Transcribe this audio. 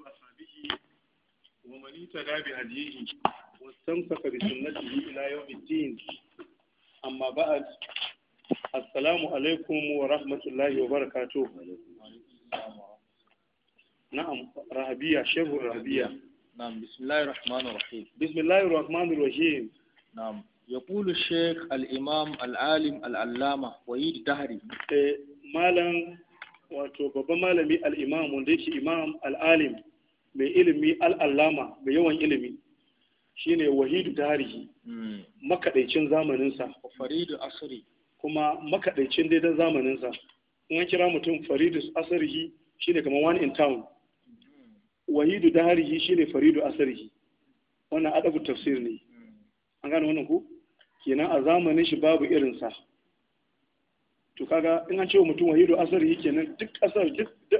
وأصحابه ومن اهتدى بهديه واستمسك بسنته إلى يوم الدين أما بعد السلام عليكم ورحمة الله وبركاته نعم رهبية شيخ رهبية نعم بسم الله الرحمن الرحيم بسم الله الرحمن الرحيم نعم يقول الشيخ الإمام العالم العلامة وحيد دهري مالا wato مالا malami al'imam wanda yake imam mai ilimi al'allama mai yawan ilimi shine wahidu tarihi hmm. makaɗaicin zamaninsa faridu asiri kuma makaɗaicin daidan zamaninsa in an kira mutum faridu shi shine kamar one in town hmm. wahidu shi shine faridu asiri wannan adabu tafsir ne hmm. an gane wannan ku kenan a zamanin shi babu irinsa to kaga in an ce wa mutum wahidu asiri kenan duk asar duk